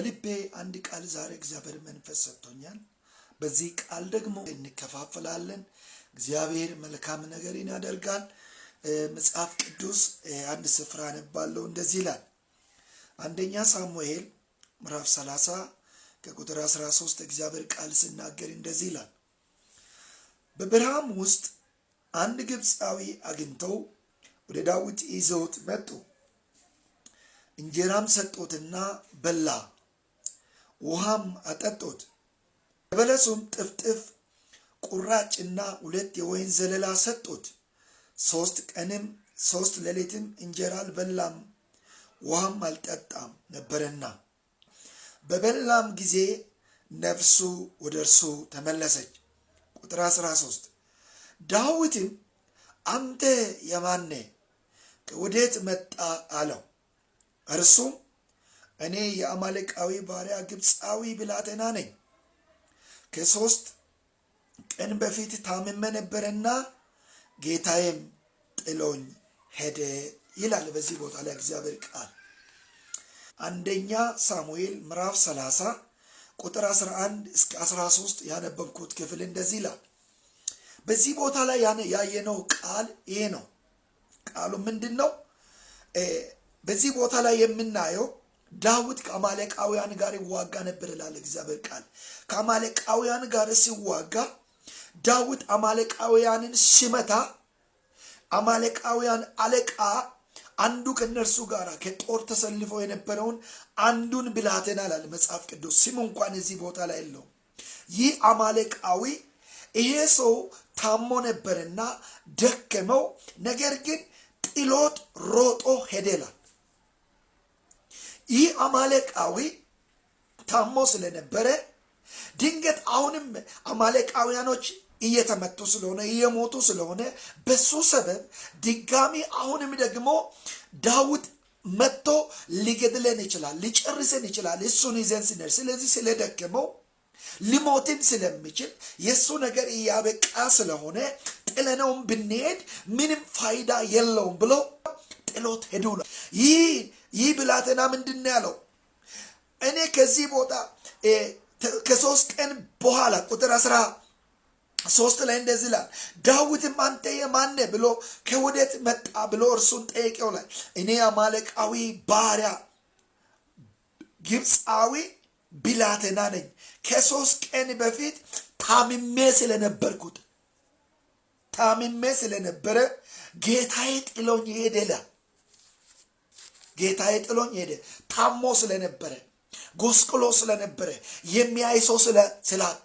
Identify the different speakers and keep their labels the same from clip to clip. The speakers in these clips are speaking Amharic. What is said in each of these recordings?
Speaker 1: በልቤ አንድ ቃል ዛሬ እግዚአብሔር መንፈስ ሰጥቶኛል። በዚህ ቃል ደግሞ እንከፋፈላለን። እግዚአብሔር መልካም ነገርን ያደርጋል። መጽሐፍ ቅዱስ አንድ ስፍራ አነባለሁ፣ እንደዚህ ይላል። አንደኛ ሳሙኤል ምዕራፍ 30 ከቁጥር 13 እግዚአብሔር ቃል ሲናገር እንደዚህ ይላል። በበረሃም ውስጥ አንድ ግብፃዊ አግኝተው ወደ ዳዊት ይዘውት መጡ። እንጀራም ሰጦትና በላ። ውሃም አጠጦት። የበለሱም ጥፍጥፍ ቁራጭና ሁለት የወይን ዘለላ ሰጦት። ሦስት ቀንም ሦስት ሌሊትም እንጀራ አልበላም ውሃም አልጠጣም ነበረና በበላም ጊዜ ነፍሱ ወደ እርሱ ተመለሰች። ቁጥር 13 ዳዊትም አንተ የማነ ከወዴት መጣ አለው። እርሱም እኔ የአማሌቃዊ ባሪያ ግብፃዊ ብላቴና ነኝ። ከሶስት ቀን በፊት ታምመ ነበረና ጌታዬም ጥሎኝ ሄደ ይላል። በዚህ ቦታ ላይ እግዚአብሔር ቃል አንደኛ ሳሙኤል ምዕራፍ 30 ቁጥር 11 እስከ 13 ያነበብኩት ክፍል እንደዚህ ይላል። በዚህ ቦታ ላይ ያየነው ቃል ይሄ ነው። ቃሉ ምንድን ነው? በዚህ ቦታ ላይ የምናየው ዳዊት ከአማሌቃውያን ጋር ይዋጋ ነበር ይላል እግዚአብሔር ቃል። ከአማሌቃውያን ጋር ሲዋጋ ዳዊት አማሌቃውያንን ሲመታ አማሌቃውያን አለቃ አንዱ ከእነርሱ ጋር ከጦር ተሰልፎ የነበረውን አንዱን ብላቴና ላል መጽሐፍ ቅዱስ ስም እንኳን እዚህ ቦታ ላይ የለው። ይህ አማሌቃዊ ይሄ ሰው ታሞ ነበርና ደከመው፣ ነገር ግን ጥሎት ሮጦ ሄደላል ይህ አማሌቃዊ ታሞ ስለነበረ ድንገት አሁንም አማሌቃውያኖች እየተመቱ ስለሆነ እየሞቱ ስለሆነ በሱ ሰበብ ድጋሚ አሁንም ደግሞ ዳዊት መጥቶ ሊገድለን ይችላል፣ ሊጨርሰን ይችላል እሱን ይዘን ስንሄድ ስለዚህ ስለደከመው ሊሞትን ስለሚችል የእሱ ነገር እያበቃ ስለሆነ ጥለነውም ብንሄድ ምንም ፋይዳ የለውም ብሎ ጥሎት ሄዱ ነው ይህ ይህ ብላቴና ምንድን ያለው? እኔ ከዚህ ቦታ ከሶስት ቀን በኋላ ቁጥር አስራ ሶስት ላይ እንደዚህ ይላል። ዳዊትም አንተ የማነ ብሎ ከወዴት መጣ ብሎ እርሱን ጠየቀው። ላይ እኔ አማለቃዊ ባሪያ ግብፃዊ ብላቴና ነኝ። ከሶስት ቀን በፊት ታምሜ ስለነበርኩት ታምሜ ስለነበረ ጌታዬ ጥሎኝ ይሄድ ጌታዬ ጥሎኝ ሄደ። ታሞ ስለነበረ ጎስቅሎ ስለነበረ የሚያይ ሰው ስላጣ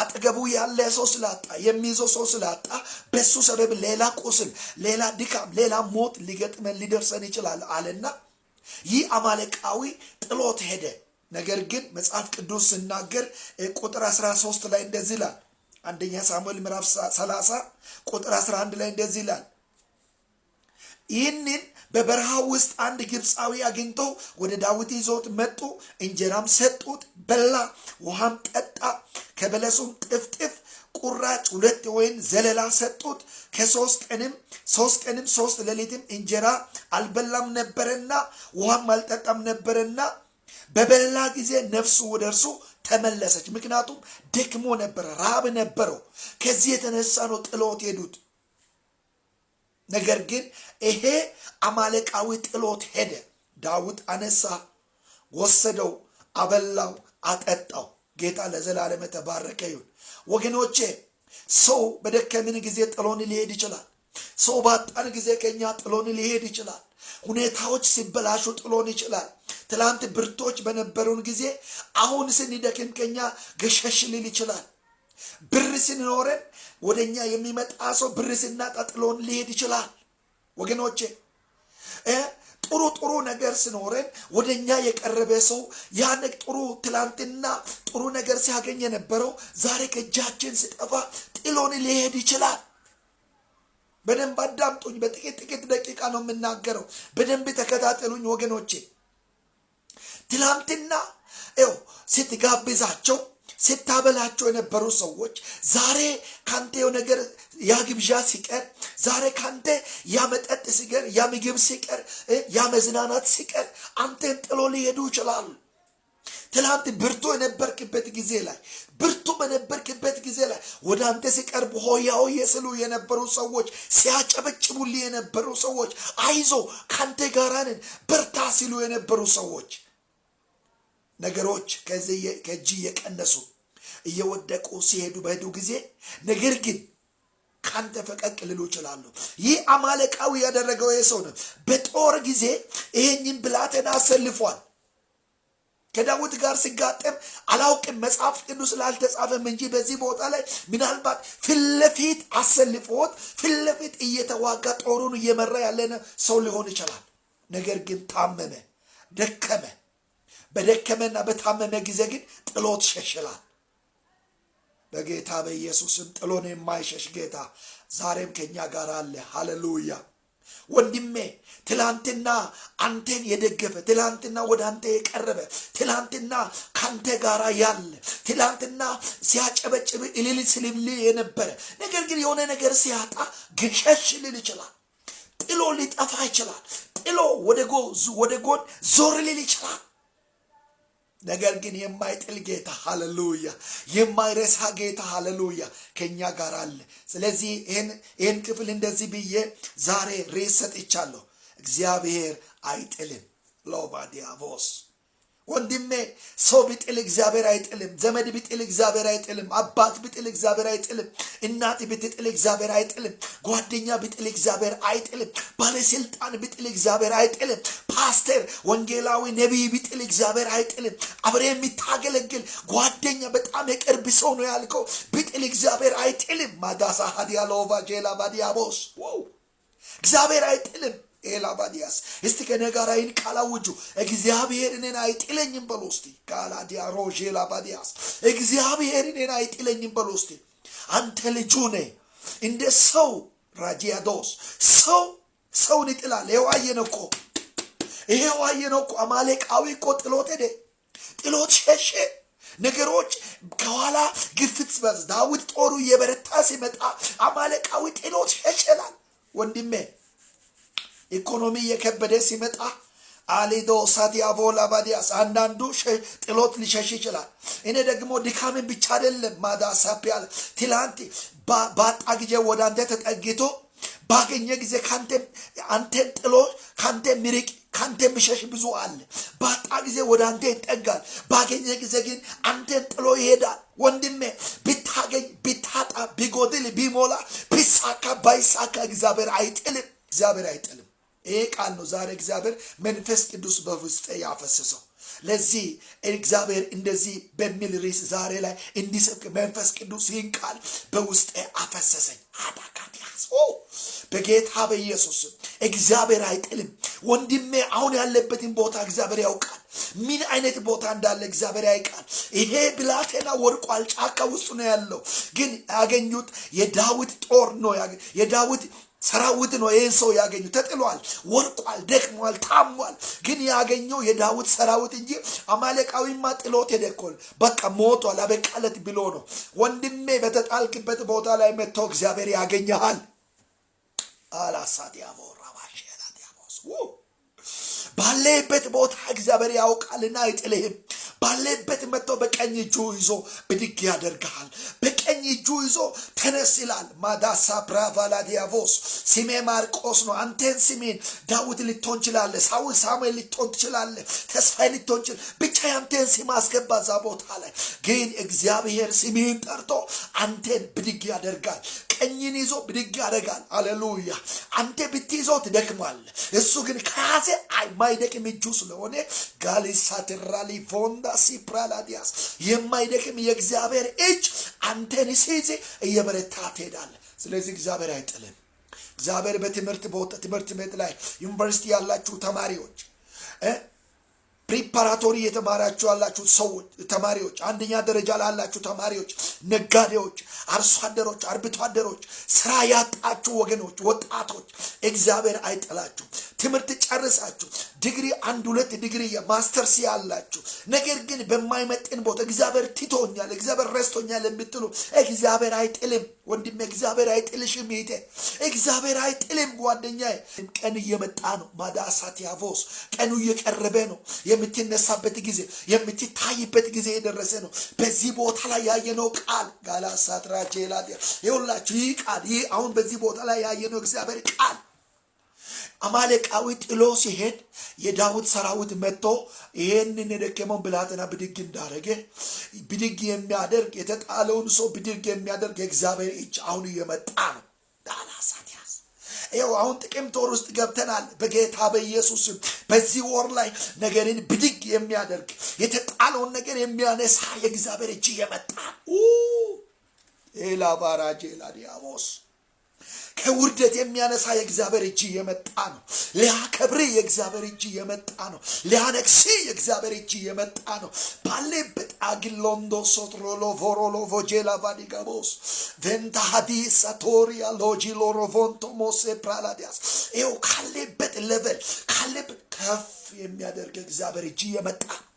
Speaker 1: አጠገቡ ያለ ሰው ስላጣ የሚይዘው ሰው ስላጣ በሱ ሰበብ ሌላ ቁስል፣ ሌላ ድካም፣ ሌላ ሞት ሊገጥመን ሊደርሰን ይችላል አለና ይህ አማለቃዊ ጥሎት ሄደ። ነገር ግን መጽሐፍ ቅዱስ ስናገር ቁጥር 13 ላይ እንደዚህ ይላል። አንደኛ ሳሙኤል ምዕራፍ 30 ቁጥር 11 ላይ እንደዚህ ይላል ይህንን በበረሃ ውስጥ አንድ ግብፃዊ አግኝቶ ወደ ዳዊት ይዞት መጡ። እንጀራም ሰጡት፣ በላ፣ ውሃም ጠጣ። ከበለሱም ጥፍጥፍ ቁራጭ ሁለት ወይን ዘለላ ሰጡት። ከሶስት ቀንም ሶስት ቀንም ሶስት ሌሊትም እንጀራ አልበላም ነበረና ውሃም አልጠጣም ነበረና በበላ ጊዜ ነፍሱ ወደ እርሱ ተመለሰች። ምክንያቱም ደክሞ ነበረ፣ ራብ ነበረው። ከዚህ የተነሳ ነው ጥሎት ሄዱት። ነገር ግን ይሄ አማለቃዊ ጥሎት ሄደ። ዳዊት አነሳ፣ ወሰደው፣ አበላው፣ አጠጣው። ጌታ ለዘላለም የተባረከ ይሁን። ወገኖቼ ሰው በደከምን ጊዜ ጥሎን ሊሄድ ይችላል። ሰው ባጣን ጊዜ ከኛ ጥሎን ሊሄድ ይችላል። ሁኔታዎች ሲበላሹ ጥሎን ይችላል። ትላንት ብርቶች በነበሩን ጊዜ አሁን ስንደክም ከኛ ገሸሽ ሊል ይችላል። ብር ስንኖረን ወደ እኛ የሚመጣ ሰው ብር ሲናጣ ጥሎን ሊሄድ ይችላል። ወገኖቼ ጥሩ ጥሩ ነገር ሲኖረን ወደ እኛ የቀረበ ሰው ያን ጥሩ ትላንትና ጥሩ ነገር ሲያገኝ የነበረው ዛሬ ከእጃችን ሲጠፋ ጥሎን ሊሄድ ይችላል። በደንብ አዳምጡኝ። በጥቂት ጥቂት ደቂቃ ነው የምናገረው። በደንብ ተከታተሉኝ ወገኖቼ። ትላንትና ው ስትጋብዛቸው ስታበላቸው የነበሩ ሰዎች ዛሬ ካንተ ነገር ያ ግብዣ ሲቀር፣ ዛሬ ካንተ ያ መጠጥ ሲቀር፣ ያ ምግብ ሲቀር፣ ያ መዝናናት ሲቀር አንተን ጥሎ ሊሄዱ ይችላሉ። ትላንት ብርቱ የነበርክበት ጊዜ ላይ ብርቱ በነበርክበት ጊዜ ላይ ወደ አንተ ሲቀርቡ ሆያ ሆዬ ስሉ የነበሩ ሰዎች፣ ሲያጨበጭቡልህ የነበሩ ሰዎች፣ አይዞ ካንተ ጋራ ነን በርታ ሲሉ የነበሩ ሰዎች ነገሮች ከእጅ እየቀነሱ እየወደቁ ሲሄዱ በሄዱ ጊዜ ነገር ግን ካንተ ፈቀቅ ልሉ ይችላሉ። ይህ አማለቃዊ ያደረገው ይህ ሰው ነው። በጦር ጊዜ ይህንን ብላቴና አሰልፏል። ከዳዊት ጋር ሲጋጠም አላውቅም፣ መጽሐፍ ቅዱስ ላልተጻፈም እንጂ በዚህ ቦታ ላይ ምናልባት ፊትለፊት ለፊት አሰልፎት ፊት እየተዋጋ ጦሩን እየመራ ያለ ሰው ሊሆን ይችላል። ነገር ግን ታመመ፣ ደከመ። በደከመና በታመመ ጊዜ ግን ጥሎት ሸሽላል። በጌታ በኢየሱስም ጥሎን የማይሸሽ ጌታ ዛሬም ከእኛ ጋር አለ። ሃሌሉያ። ወንድሜ ትላንትና አንተን የደገፈ ትላንትና ወደ አንተ የቀረበ ትላንትና ከአንተ ጋር ያለ ትላንትና ሲያጨበጭብ እልል ስልብል የነበረ ነገር ግን የሆነ ነገር ሲያጣ ግሸሽ ልል ይችላል። ጥሎ ሊጠፋ ይችላል። ጥሎ ወደ ጎን ዞር ልል ይችላል። ነገር ግን የማይጥል ጌታ ሃሌሉያ፣ የማይረሳ ጌታ ሃሌሉያ ከኛ ጋር አለ። ስለዚህ ይህን ክፍል እንደዚህ ብዬ ዛሬ ሬስ ሰጥቻለሁ። እግዚአብሔር አይጥልም ሎባዲያቮስ ወንድሜ ሰው ቢጥል እግዚአብሔር አይጥልም። ዘመድ ቢጥል እግዚአብሔር አይጥልም። አባት ቢጥል እግዚአብሔር አይጥልም። እናት ብትጥል እግዚአብሔር አይጥልም። ጓደኛ ቢጥል እግዚአብሔር አይጥልም። ባለስልጣን ቢጥል እግዚአብሔር አይጥልም። ፓስተር፣ ወንጌላዊ፣ ነቢይ ቢጥል እግዚአብሔር አይጥልም። አብሬ የሚታገለግል ጓደኛ፣ በጣም የቅርብ ሰው ነው ያልከው ቢጥል እግዚአብሔር አይጥልም። ማዳሳ ሀዲያ ሎቫ ጄላ ባዲያቦስ እግዚአብሔር አይጥልም። ኤላባዲያስ እስቲ ከኔ ጋር ይህን ቃል አውጁ። እግዚአብሔር እኔን አይጥለኝም በሉ እስቲ። ጋላዲያ ሮዥ ኤላባዲያስ እግዚአብሔር እኔን አይጥለኝም በሉ እስቲ። አንተ ልጁ ነህ እንደ ሰው ራጂያዶስ ሰው ሰውን ይጥላል። ይኸው አየነው እኮ ይኸው አየነው እኮ አማሌቃዊ እኮ ጥሎት ሄደ፣ ጥሎት ሸሸ። ነገሮች ከኋላ ግፍት ዳዊት ጦሩ እየበረታ ሲመጣ አማሌቃዊ ጥሎት ሸሸላል ወንድሜ ኢኮኖሚ እየከበደ ሲመጣ አሊዶ ሳዲያቮ ላባዲያስ አንዳንዱ ጥሎት ሊሸሽ ይችላል። እኔ ደግሞ ድካምን ብቻ አይደለም ማዳሳቢያ ትላንት ባጣ ጊዜ ወደ አንተ ተጠግቶ ባገኘ ጊዜ አንተን ጥሎ ከአንተ ምርቅ ከአንተ ምሸሽ ብዙ አለ። ባጣ ጊዜ ወደ አንተ ይጠጋል። ባገኘ ጊዜ ግን አንተን ጥሎ ይሄዳል። ወንድሜ ብታገኝ፣ ብታጣ፣ ቢጎድል፣ ቢሞላ፣ ቢሳካ፣ ባይሳካ እግዚአብሔር አይጥልም። እግዚአብሔር አይጥልም። ይሄ ቃል ነው ዛሬ እግዚአብሔር መንፈስ ቅዱስ በውስጤ ያፈስሰው። ለዚህ እግዚአብሔር እንደዚህ በሚል ርዕስ ዛሬ ላይ እንዲሰብክ መንፈስ ቅዱስ ይህን ቃል በውስጤ አፈሰሰኝ። አዳካት ያዝ በጌታ በኢየሱስ እግዚአብሔር አይጥልም። ወንድሜ አሁን ያለበትን ቦታ እግዚአብሔር ያውቃል። ምን አይነት ቦታ እንዳለ እግዚአብሔር ያውቃል። ይሄ ብላቴና ወድቋል፣ ጫካ ውስጥ ነው ያለው። ግን ያገኙት የዳዊት ጦር ነው የዳዊት ሰራዊት ነው ይህን ሰው ያገኙ። ተጥሏል፣ ወርቋል፣ ደክሟል፣ ታሟል። ግን ያገኘው የዳዊት ሰራዊት እንጂ አማሌቃዊማ ጥሎት የደኮል በቃ ሞቷል፣ አበቃለት ብሎ ነው። ወንድሜ በተጣልክበት ቦታ ላይ መጥተው እግዚአብሔር ያገኘሃል። አላሳት ባለበት ቦታ እግዚአብሔር ያውቃልና አይጥልህም። ባለበት መጥቶ በቀኝ እጁ ይዞ ብድግ ያደርግሃል። በቀኝ እጁ ይዞ ተነስ ይላል። ማዳሳ ብራቫላዲያቮስ ስሜ ማርቆስ ነው። አንተን ስሜን ዳዊት ልትሆን ችላለህ። ሳውል ሳሙኤል ልትሆን ትችላለህ። ተስፋዬ ልትሆን ችል ብቻ ያንተን ስም አስገባ እዛ ቦታ ላይ ግን እግዚአብሔር ስምህን ጠርቶ አንተን ብድግ ያደርጋል። ቀኝን ይዞ ብድግ ያደርጋል። አለሉያ። አንተ ብትይዘው ትደክማለህ፣ እሱ ግን ከያዘ የማይደክም እጁ ስለሆነ ጋሊሳትራሊ ቮንዳ ሲፕራላዲያስ የማይደክም የእግዚአብሔር እጅ አንተን ሲይዝ እየበረታ ትሄዳል ስለዚህ እግዚአብሔር አይጥልም። እግዚአብሔር በትምህርት ቦታ ትምህርት ቤት ላይ ዩኒቨርሲቲ ያላችሁ ተማሪዎች ፕሪፓራቶሪ የተማራችሁ ያላችሁ ሰዎች ተማሪዎች፣ አንደኛ ደረጃ ላላችሁ ተማሪዎች፣ ነጋዴዎች፣ አርሶ አደሮች፣ አርብቶ አደሮች፣ ስራ ያጣችሁ ወገኖች፣ ወጣቶች፣ እግዚአብሔር አይጠላችሁ። ትምህርት ጨርሳችሁ ዲግሪ አንድ ሁለት ዲግሪ ማስተርስ ያላችሁ ነገር ግን በማይመጥን ቦታ እግዚአብሔር ትቶኛል፣ እግዚአብሔር ረስቶኛል የምትሉ እግዚአብሔር አይጥልም ወንድም፣ እግዚአብሔር አይጥልሽም ይሄ እግዚአብሔር አይጥልም ጓደኛ። ቀን እየመጣ ነው። ማዳሳት ያፎስ ቀኑ እየቀረበ ነው። የምትነሳበት ጊዜ የምትታይበት ጊዜ የደረሰ ነው። በዚህ ቦታ ላይ ያየነው ቃል ጋላሳትራቼላ ይሁላችሁ ይህ ቃል ይህ አሁን በዚህ ቦታ ላይ ያየነው እግዚአብሔር ቃል አማሌቃዊ ጥሎ ሲሄድ የዳዊት ሰራዊት መጥቶ ይሄንን የደከመውን ብላትና ብድግ እንዳደረገ ብድግ የሚያደርግ የተጣለውን ሰው ብድግ የሚያደርግ የእግዚአብሔር እጅ አሁን እየመጣ ነው። ዳላሳት ያዝ ይኸው አሁን ጥቅምት ወር ውስጥ ገብተናል። በጌታ በኢየሱስ በዚህ ወር ላይ ነገርን ብድግ የሚያደርግ የተጣለውን ነገር የሚያነሳ የእግዚአብሔር እጅ እየመጣ ኤላ ባራጄ ላዲያቦስ ከውርደት የሚያነሳ የእግዚአብሔር እጅ የመጣ ነው። ሊያከብር የእግዚአብሔር እጅ የመጣ ነው። ሊያነግስ የእግዚአብሔር እጅ የመጣ ነው። ባለበት አግሎንዶ ሶትሮሎ ቮሮሎ ቮጄላ ቫዲጋቦስ ቬንታሃዲስ ሳቶሪያ ሎጂ ሎሮቮንቶ ሞሴ ፕራላዲያስ ይኸው ካሌበት ለበል ካሌበት ከፍ የሚያደርግ እግዚአብሔር እጅ የመጣ ነው።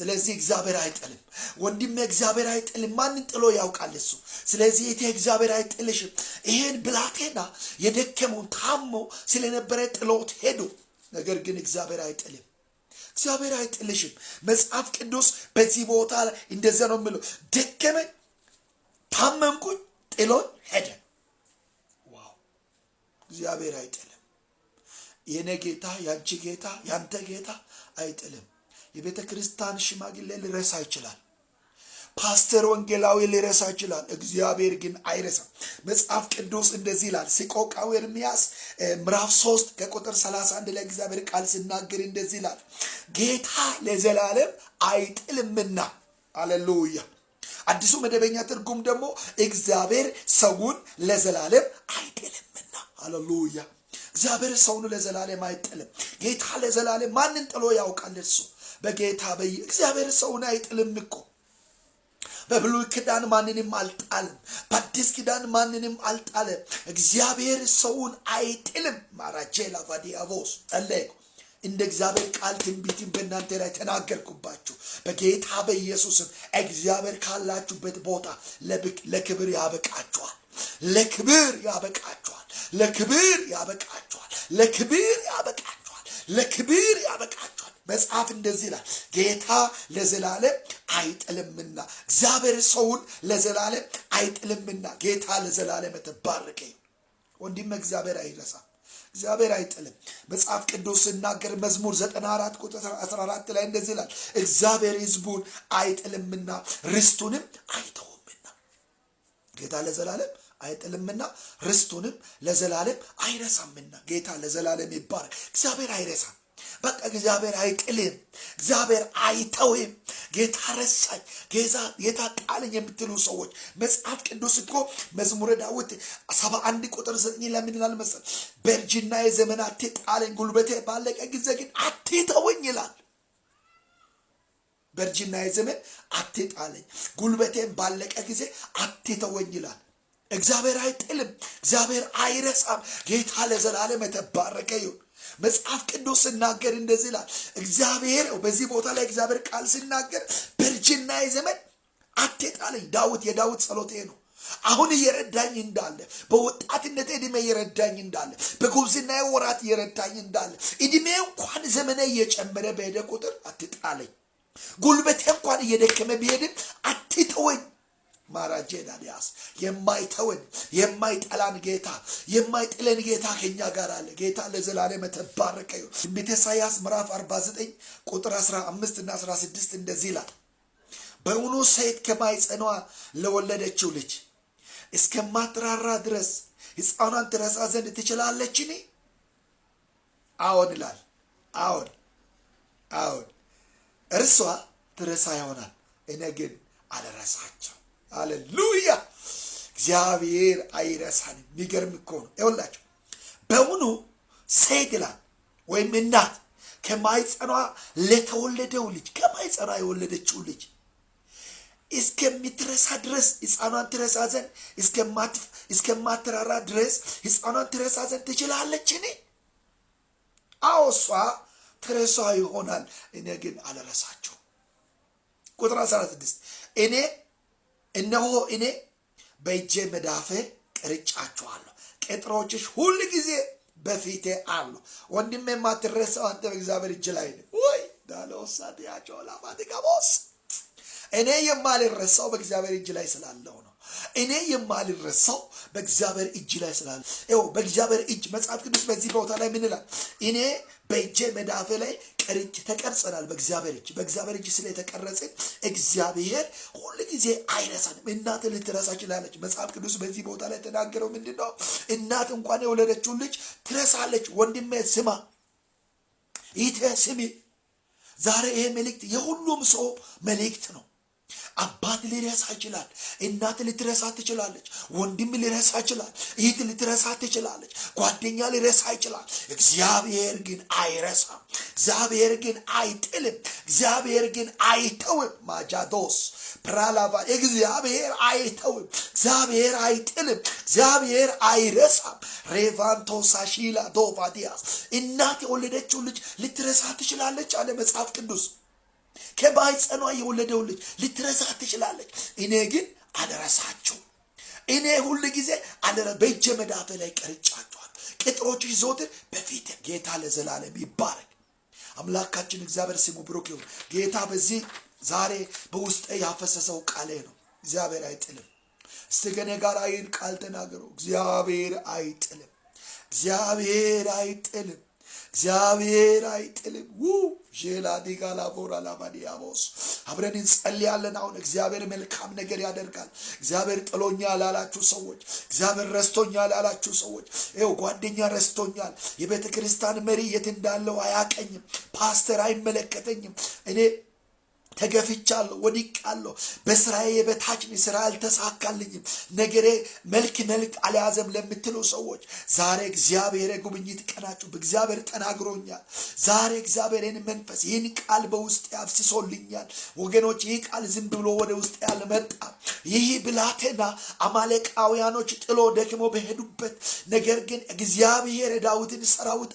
Speaker 1: ስለዚህ እግዚአብሔር አይጥልም ወንድሜ፣ እግዚአብሔር አይጥልም። ማንን ጥሎ ያውቃል እሱ? ስለዚህ እህቴ እግዚአብሔር አይጥልሽም። ይሄን ብላቴና የደከመውን ታሞ ስለነበረ ጥሎት ሄዱ። ነገር ግን እግዚአብሔር አይጥልም። እግዚአብሔር አይጥልሽም። መጽሐፍ ቅዱስ በዚህ ቦታ ላይ እንደዚያ ነው የሚለው፣ ደከመኝ፣ ታመምኩኝ፣ ጥሎን ሄደ። ዋው! እግዚአብሔር አይጥልም። የእኔ ጌታ፣ የአንቺ ጌታ፣ ያንተ ጌታ አይጥልም። የቤተ ክርስቲያን ሽማግሌ ሊረሳ ይችላል። ፓስተር ወንጌላዊ ሊረሳ ይችላል። እግዚአብሔር ግን አይረሳም። መጽሐፍ ቅዱስ እንደዚህ ይላል። ሲቆቃው ኤርምያስ ምዕራፍ 3 ከቁጥር 31 ላይ እግዚአብሔር ቃል ሲናገር እንደዚህ ይላል፣ ጌታ ለዘላለም አይጥልምና። አሌሉያ። አዲሱ መደበኛ ትርጉም ደግሞ እግዚአብሔር ሰውን ለዘላለም አይጥልምና። አሌሉያ። እግዚአብሔር ሰውን ለዘላለም አይጥልም። ጌታ ለዘላለም ማንን ጥሎ ያውቃል? እርሱ በጌታ በየ እግዚአብሔር ሰውን አይጥልም እኮ በብሉይ ኪዳን ማንንም አልጣልም። በአዲስ ኪዳን ማንንም አልጣለም። እግዚአብሔር ሰውን አይጥልም። ማራጄላ ቫዲያቮስ ጸለይኩ። እንደ እግዚአብሔር ቃል ትንቢትን በእናንተ ላይ ተናገርኩባችሁ። በጌታ በኢየሱስም እግዚአብሔር ካላችሁበት ቦታ ለክብር ያበቃችኋል፣ ለክብር ያበቃችኋል፣ ለክብር ያበቃችኋል፣ ለክብር ያበቃችኋል፣ ለክብር ያበቃችኋል። መጽሐፍ እንደዚህ ይላል፣ ጌታ ለዘላለም አይጥልምና፣ እግዚአብሔር ሰውን ለዘላለም አይጥልምና፣ ጌታ ለዘላለም የተባረከ ይሁን። ወንድም እግዚአብሔር አይረሳ፣ እግዚአብሔር አይጥልም። መጽሐፍ ቅዱስ ስናገር መዝሙር 94 ቁጥር 14 ላይ እንደዚህ ይላል፣ እግዚአብሔር ሕዝቡን አይጥልምና ርስቱንም አይተውምና። ጌታ ለዘላለም አይጥልምና ርስቱንም ለዘላለም አይረሳምና። ጌታ ለዘላለም ይባረክ። እግዚአብሔር አይረሳም። በቃ እግዚአብሔር አይጥልህም፣ እግዚአብሔር አይተውህም። ጌታ ረሳኝ፣ ጌታ ጣለኝ የምትሉ ሰዎች መጽሐፍ ቅዱስ እኮ መዝሙረ ዳዊት ሰባ አንድ ቁጥር ዘጠኝ ለምን ይላል መሰል በእርጅና የዘመን አቴ ጣለኝ፣ ጉልበቴ ባለቀ ጊዜ ግን አትተወኝ ይላል። በእርጅና የዘመን አቴ ጣለኝ፣ ጉልበቴን ባለቀ ጊዜ አትተወኝ ይላል። እግዚአብሔር አይጥልም፣ እግዚአብሔር አይረሳም። ጌታ ለዘላለም የተባረከ ይሁን። መጽሐፍ ቅዱስ ስናገር እንደዚህ ይላል። እግዚአብሔር በዚህ ቦታ ላይ እግዚአብሔር ቃል ሲናገር በእርጅናዬ ዘመን አትጣለኝ። ዳዊት የዳዊት ጸሎቴ ነው። አሁን እየረዳኝ እንዳለ በወጣትነት እድሜ እየረዳኝ እንዳለ በጉብዝና ወራት እየረዳኝ እንዳለ እድሜ እንኳን ዘመነ እየጨመረ በሄደ ቁጥር አትጣለኝ። ጉልበቴ እንኳን እየደከመ ቢሄድም አትተወኝ። ማራጄና ዲያስ የማይተውን የማይጠላን ጌታ የማይጥለን ጌታ ከኛ ጋር አለ። ጌታ ለዘላለም ተባረቀ። ይሁን። ትንቢተ ኢሳያስ ምዕራፍ 49 ቁጥር 15 እና 16 እንደዚህ ይላል፣ በውኑ ሴት ከማኅፀኗ ለወለደችው ልጅ እስከማትራራ ድረስ ሕፃኗን ትረሳ ዘንድ ትችላለችን? አዎን ይላል። አዎን አዎን፣ እርሷ ትረሳ ይሆናል፣ እኔ ግን አልረሳቸው አሌሉያ! እግዚአብሔር አይረሳን የሚገርም እኮ ነው። ይኸውላችሁ በእውኑ ሴት ይላል ወይም እናት ከማይጸኗ ለተወለደው ልጅ ከማይጸኗ የወለደችው ልጅ እስከሚትረሳ ድረስ ህፃኗን ትረሳ ዘንድ እስከማትራራ ድረስ ህፃኗን ትረሳ ዘንድ ኔ አዎ እሷ ትረሷ ይሆናል፣ እኔ ግን አልረሳችሁም። ቁጥር 16 እኔ እነሆ እኔ በእጄ መዳፌ ቅርጫችኋለሁ፣ ቅጥሮችሽ ሁል ጊዜ በፊቴ አሉ። ወንድሜ የማትረሳው አንተ በእግዚአብሔር እጅ ላይ ነህ ወይ ያቸው ዳለወሳድያቸው ላማድጋቦስ እኔ የማልረሳው በእግዚአብሔር እጅ ላይ ስላለው ነው። እኔ የማልረሳው በእግዚአብሔር እጅ ላይ ስላለ ይኸው በእግዚአብሔር እጅ መጽሐፍ ቅዱስ በዚህ ቦታ ላይ ምን ይላል? እኔ በእጄ መዳፌ ላይ ቅርጭ ተቀርጸናል። በእግዚአብሔር እጅ በእግዚአብሔር እጅ ስለ እግዚአብሔር ሁሉ ጊዜ አይረሳንም። እናት ልትረሳ ችላለች። መጽሐፍ ቅዱስ በዚህ ቦታ ላይ የተናገረው ምንድን ነው? እናት እንኳን የወለደችውን ልጅ ትረሳለች። ወንድሜ ስማ፣ ይተ ስሚ፣ ዛሬ ይሄ መልእክት የሁሉም ሰው መልእክት ነው። አባት ሊረሳ ይችላል። እናት ልትረሳ ትችላለች። ወንድም ሊረሳ ይችላል። እህት ልትረሳ ትችላለች። ጓደኛ ሊረሳ ይችላል። እግዚአብሔር ግን አይረሳም። እግዚአብሔር ግን አይጥልም። እግዚአብሔር ግን አይተውም። ማጃዶስ ፕራላባ እግዚአብሔር አይተውም። እግዚአብሔር አይጥልም። እግዚአብሔር አይረሳም። ሬቫንቶሳ ሺላ ዶቫዲያስ እናት የወለደችው ልጅ ልትረሳ ትችላለች አለ መጽሐፍ ቅዱስ ከባይጸኗ የወለደው ልጅ ልትረሳ ትችላለች። እኔ ግን አልረሳችሁ። እኔ ሁል ጊዜ አልረ በእጄ መዳፌ ላይ ቀርጫችኋል። ቅጥሮችሽ ዘወትር በፊት ጌታ ለዘላለም ይባረክ። አምላካችን እግዚአብሔር ስሙ ብሩክ ይሁን። ጌታ በዚህ ዛሬ በውስጤ ያፈሰሰው ቃሌ ነው። እግዚአብሔር አይጥልም። እስቲ ከእኔ ጋር ይህን ቃል ተናገሩ። እግዚአብሔር አይጥልም። እግዚአብሔር አይጥልም። እግዚአብሔር አይጥልም። ሼላዲጋ ላቦራ ላማዲያቦስ አብረን እንጸልያለን። አሁን እግዚአብሔር መልካም ነገር ያደርጋል። እግዚአብሔር ጥሎኛ ላላችሁ ሰዎች፣ እግዚአብሔር ረስቶኛ ላላችሁ ሰዎች፣ ይኸው ጓደኛ ረስቶኛል፣ የቤተ ክርስቲያን መሪ የት እንዳለው አያቀኝም፣ ፓስተር አይመለከተኝም እኔ ተገፍቻለሁ፣ ወድቃለሁ። በስራዬ የበታች ስራ አልተሳካልኝም፣ ነገሬ መልክ መልክ አልያዘም ለምትሉ ሰዎች ዛሬ እግዚአብሔር የጉብኝት ቀናችሁ በእግዚአብሔር ተናግሮኛል። ዛሬ እግዚአብሔር ይህን መንፈስ ይህን ቃል በውስጥ አፍስሶልኛል። ወገኖች ይህ ቃል ዝም ብሎ ወደ ውስጥ ያልመጣ ይህ ብላቴና አማሌቃውያኖች ጥሎ ደክሞ በሄዱበት ነገር ግን እግዚአብሔር የዳዊትን ሰራዊት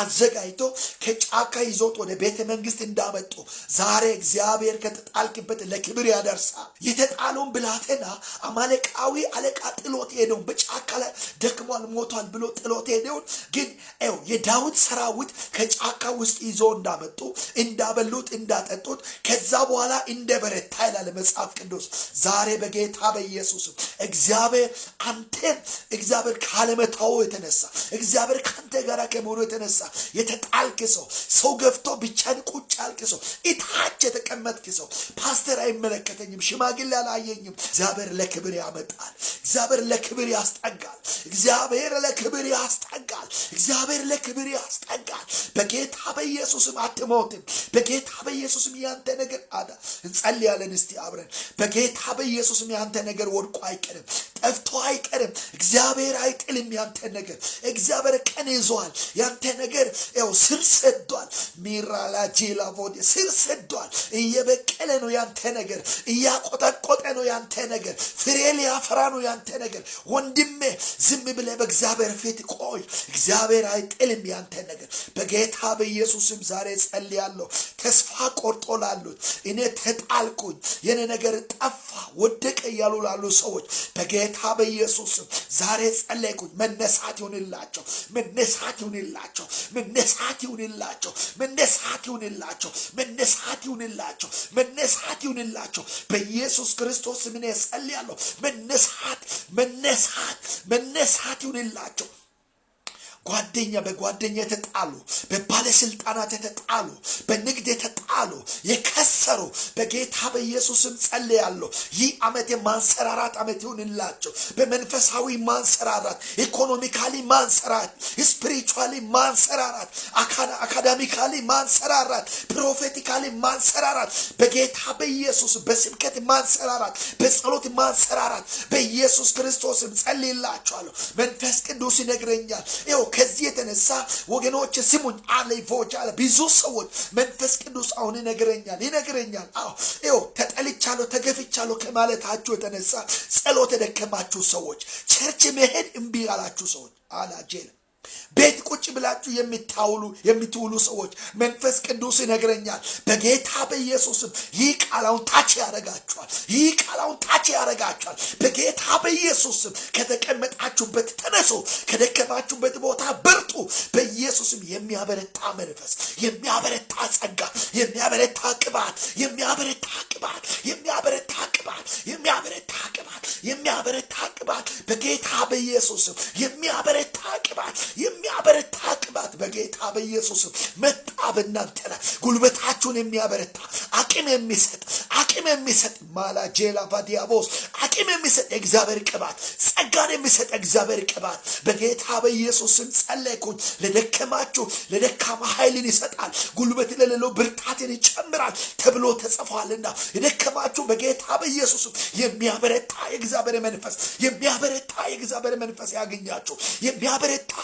Speaker 1: አዘጋጅቶ ከጫካ ይዞት ወደ ቤተ መንግስት እንዳመጡ ዛሬ እግዚአብሔር እግዚአብሔር ከተጣልክበት ለክብር ያደርሳል። የተጣለውን ብላቴና አማለቃዊ አለቃ ጥሎት ሄደውን በጫካ ላይ ደክሟል፣ ሞቷል ብሎ ጥሎት ሄደውን ግን ው የዳዊት ሰራዊት ከጫካ ውስጥ ይዞ እንዳመጡ እንዳበሉት፣ እንዳጠጡት ከዛ በኋላ እንደበረታ በረታ ይላል መጽሐፍ ቅዱስ። ዛሬ በጌታ በኢየሱስ እግዚአብሔር አንተን እግዚአብሔር ካለመታው የተነሳ እግዚአብሔር ከአንተ ጋር ከመሆኑ የተነሳ የተጣልክ ሰው ሰው ገፍቶ ብቻን ቁጭ ያልክ ሰው ኢታች የተቀ የተቀመጥክ ሰው ፓስተር አይመለከተኝም፣ ሽማግሌ አላየኝም። እግዚአብሔር ለክብር ያመጣል። እግዚአብሔር ለክብር ያስጠጋል። እግዚአብሔር ለክብር ያስጠጋል። እግዚአብሔር ለክብር ያስጠጋል። በጌታ በኢየሱስም አትሞትም። በጌታ በኢየሱስም ያንተ ነገር አዳ እንጸልያለን። እስቲ አብረን በጌታ በኢየሱስም ያንተ ነገር ወድቆ አይቀርም። ጠፍቶ አይቀርም። እግዚአብሔር አይጥልም ያንተ ነገር። እግዚአብሔር ቀን ይዟል ያንተ ነገር ያው ስር ሰዷል። ሚራላ ጄላ ስር ሰዷል። እየበቀለ ነው ያንተ ነገር፣ እያቆጠቆጠ ነው ያንተ ነገር፣ ፍሬ ሊያፈራ ነው ያንተ ነገር። ወንድሜ ዝም ብለህ በእግዚአብሔር ፊት ቆይ። እግዚአብሔር አይጥልም ያንተ ነገር። በጌታ በኢየሱስም ዛሬ ጸልያለሁ። ተስፋ ቆርጦ ላሉት እኔ ተጣልኩኝ፣ የኔ ነገር ጠፋ ወደቀ እያሉ ላሉ ሰዎች በጌ በጌታ በኢየሱስ ዛሬ ጸለይኩኝ። መነሳት ይሁንላቸው፣ መነሳት ይሁንላቸው፣ መነሳት ይሁንላቸው፣ መነሳት ይሁንላቸው፣ መነሳት ይሁንላቸው፣ መነሳት ይሁንላቸው። በኢየሱስ ክርስቶስ ምን ጸልያለሁ። መነሳት፣ መነሳት፣ መነሳት ይሁንላቸው። ጓደኛ በጓደኛ የተጣሉ፣ በባለስልጣናት የተጣሉ፣ በንግድ የተጣሉ የተጣሉ የከሰሩ በጌታ በኢየሱስም ጸልያለሁ። ይህ ዓመት የማንሰራራት ዓመት ይሁንላቸው። በመንፈሳዊ ማንሰራራት፣ ኢኮኖሚካሊ ማንሰራራት፣ ስፒሪቹዋሊ ማንሰራራት፣ አካዳሚካሊ ማንሰራራት፣ ፕሮፌቲካሊ ማንሰራራት፣ በጌታ በኢየሱስ በስብከት ማንሰራራት፣ በጸሎት ማንሰራራት በኢየሱስ ክርስቶስም ጸልይላቸዋለሁ። መንፈስ ቅዱስ ይነግረኛል። ይኸው ከዚህ የተነሳ ወገኖች ስሙኝ አለ ይቮጃለ ብዙ ሰዎች መንፈስ ቅዱስ አሁን አሁን ይነግረኛል ይነግረኛል። አዎ ይኸው ተጠልቻለሁ ተገፍቻለሁ ከማለታችሁ የተነሳ ጸሎት የደከማችሁ ሰዎች፣ ቸርች መሄድ እምቢ ያላችሁ ሰዎች አላጄል ቤት ቁጭ ብላችሁ የሚታውሉ የምትውሉ ሰዎች መንፈስ ቅዱስ ይነግረኛል። በጌታ በኢየሱስም ይህ ቃላውን ታች ያደረጋችኋል። ይህ ቃላውን ታች ያደረጋችኋል። በጌታ በኢየሱስም ከተቀመጣችሁበት ተነሶ ከደከማችሁበት ቦታ በርቱ። በኢየሱስም የሚያበረታ መንፈስ፣ የሚያበረታ ጸጋ፣ የሚያበረታ ቅባት፣ የሚያበረታ ቅባት፣ የሚያበረታ ቅባት፣ የሚያበረታ ቅባት፣ የሚያበረታ ቅባት በጌታ በኢየሱስም የሚያበረታ ቅባት የሚያበረታ ቅባት በጌታ በኢየሱስ መጣ። በእናንተ ላይ ጉልበታችሁን የሚያበረታ አቅም የሚሰጥ አቅም የሚሰጥ ማላጄላ ቫዲያቦስ አቅም የሚሰጥ የእግዚአብሔር ቅባት ጸጋን የሚሰጥ የእግዚአብሔር ቅባት በጌታ በኢየሱስም ጸለይኩኝ። ለደከማችሁ ለደካማ ኃይልን ይሰጣል፣ ጉልበት ለሌለው ብርታትን ይጨምራል ተብሎ ተጽፏልና የደከማችሁ በጌታ በኢየሱስም የሚያበረታ የእግዚአብሔር መንፈስ የሚያበረታ የእግዚአብሔር መንፈስ ያገኛችሁ የሚያበረታ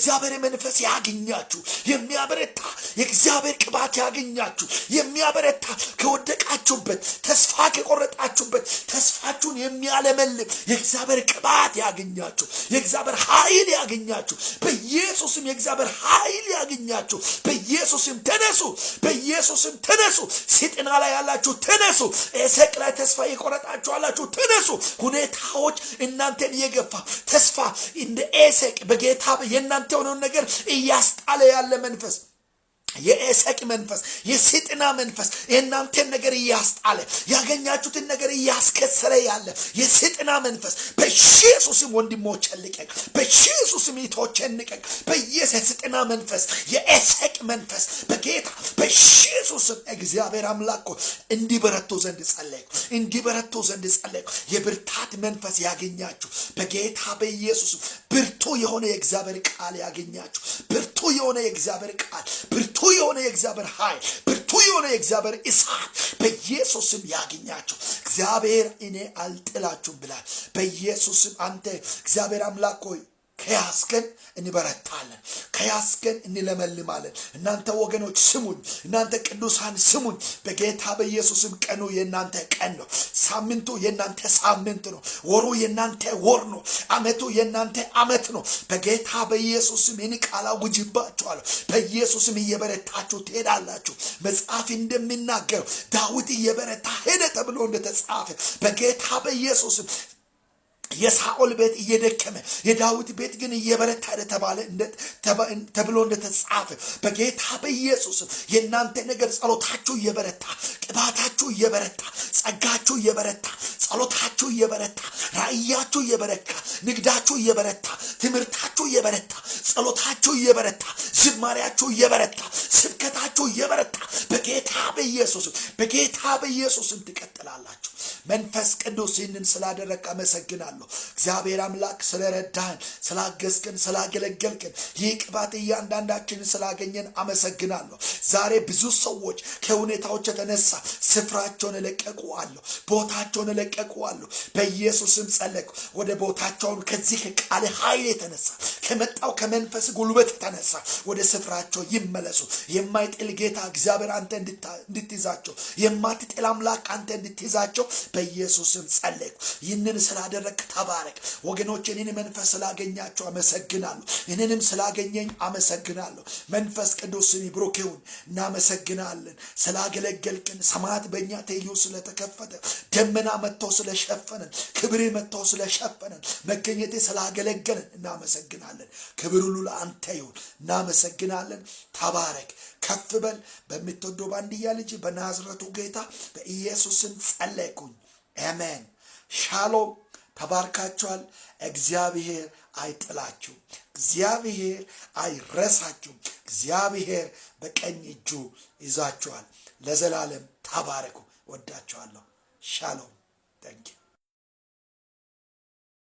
Speaker 1: የእግዚአብሔር መንፈስ ያገኛችሁ የሚያበረታ የእግዚአብሔር ቅባት ያገኛችሁ የሚያበረታ ከወደቃችሁበት፣ ተስፋ ከቆረጣችሁበት ተስፋችሁን የሚያለመልም የእግዚአብሔር ቅባት ያገኛችሁ የእግዚአብሔር ኃይል ያገኛችሁ በኢየሱስም የእግዚአብሔር ኃይል ያገኛችሁ በኢየሱስም ተነሱ፣ በኢየሱስም ተነሱ። ሴጤና ላይ ያላችሁ ተነሱ። ኤሰቅ ላይ ተስፋ የቆረጣችሁ አላችሁ ተነሱ። ሁኔታዎች እናንተን እየገፋ ተስፋ እንደ ኤሰቅ በጌታ የእናንተ የምትሆነውን ነገር እያስጣለ ያለ መንፈስ የእሰቅ መንፈስ የስጥና መንፈስ የእናንተን ነገር እያስጣለ ያገኛችሁትን ነገር እያስከሰረ ያለ የስጥና መንፈስ በኢየሱስም ወንድሞቼን ልቀቅ፣ በኢየሱስም እህቶቼን ልቀቅ። በየስጥና መንፈስ የእሰቅ መንፈስ በጌታ በኢየሱስም እግዚአብሔር አምላክ እንዲበረቶ ዘንድ ጸለይኩ፣ እንዲበረቶ ዘንድ ጸለይኩ። የብርታት መንፈስ ያገኛችሁ በጌታ በኢየሱስ ብርቱ የሆነ የእግዚአብሔር ቃል ያገኛችሁ ብርቱ የሆነ የእግዚአብሔር ቃል ብርቱ የሆነ የእግዚአብሔር ኃይል ብርቱ የሆነ የእግዚአብሔር እሳት በኢየሱስም ያገኛቸው። እግዚአብሔር እኔ አልጥላችሁም ብላል። በኢየሱስም አንተ እግዚአብሔር አምላክ ሆይ ከያዝከን እንበረታለን፣ ከያዝከን እንለመልማለን። እናንተ ወገኖች ስሙኝ፣ እናንተ ቅዱሳን ስሙኝ። በጌታ በኢየሱስም ቀኑ የእናንተ ቀን ነው። ሳምንቱ የእናንተ ሳምንት ነው። ወሩ የእናንተ ወር ነው። አመቱ የእናንተ አመት ነው። በጌታ በኢየሱስም ይህን ቃል አውጅባችኋለሁ። በኢየሱስም እየበረታችሁ ትሄዳላችሁ። መጽሐፍ እንደሚናገረው ዳዊት እየበረታ ሄደ ተብሎ እንደተጻፈ በጌታ በኢየሱስም የሳኦል ቤት እየደከመ የዳዊት ቤት ግን እየበረታ ተባለ ተብሎ እንደተጻፈ በጌታ በኢየሱስ የእናንተ ነገር ጸሎታችሁ እየበረታ ቅባታችሁ እየበረታ ጸጋችሁ እየበረታ ጸሎታችሁ እየበረታ ራእያችሁ እየበረካ ንግዳችሁ እየበረታ ትምህርታችሁ እየበረታ ጸሎታችሁ እየበረታ ዝማሪያችሁ እየበረታ ስብከታችሁ እየበረታ በጌታ በኢየሱስ በጌታ በኢየሱስም ትቀጥላላችሁ። መንፈስ ቅዱስ ይህንን ስላደረግ አመሰግናለሁ። እግዚአብሔር አምላክ ስለረዳህን፣ ስላገዝቅን፣ ስላገለገልቅን ይህ ቅባት እያንዳንዳችንን ስላገኘን አመሰግናለሁ። ዛሬ ብዙ ሰዎች ከሁኔታዎች የተነሳ ስፍራቸውን እለቀቁ አለሁ፣ ቦታቸውን እለቀቁ አለሁ። በኢየሱስም ጸለቅ ወደ ቦታቸውን ከዚህ ከቃል ኃይል የተነሳ ከመጣው ከመንፈስ ጉልበት የተነሳ ወደ ስፍራቸው ይመለሱ። የማይጥል ጌታ እግዚአብሔር አንተ እንድትይዛቸው፣ የማትጥል አምላክ አንተ እንድትይዛቸው በኢየሱስም ጸለይኩ። ይህንን ስላደረግ ተባረክ። ወገኖች እኔን መንፈስ ስላገኛቸው አመሰግናለሁ። እኔንም ስላገኘኝ አመሰግናለሁ። መንፈስ ቅዱስ ብሩክ ይሁን። እናመሰግናለን ስላገለገልቅን፣ ሰማያት በእኛ ትይዩ ስለተከፈተ፣ ደመና መጥተው ስለሸፈነን፣ ክብሬ መጥተው ስለሸፈነን፣ መገኘቴ ስላገለገለን እናመሰግናለን። ክብር ሁሉ ለአንተ ይሁን። እናመሰግናለን። ተባረክ። ከፍ በል በምትወደው ባንድያ ልጅ በናዝረቱ ጌታ በኢየሱስን ጸለይኩኝ። አሜን። ሻሎም። ተባርካችኋል። እግዚአብሔር አይጥላችሁ፣ እግዚአብሔር አይረሳችሁ። እግዚአብሔር በቀኝ እጁ ይዛችኋል። ለዘላለም ተባረኩ። ወዳችኋለሁ። ሻሎም። ተንኪ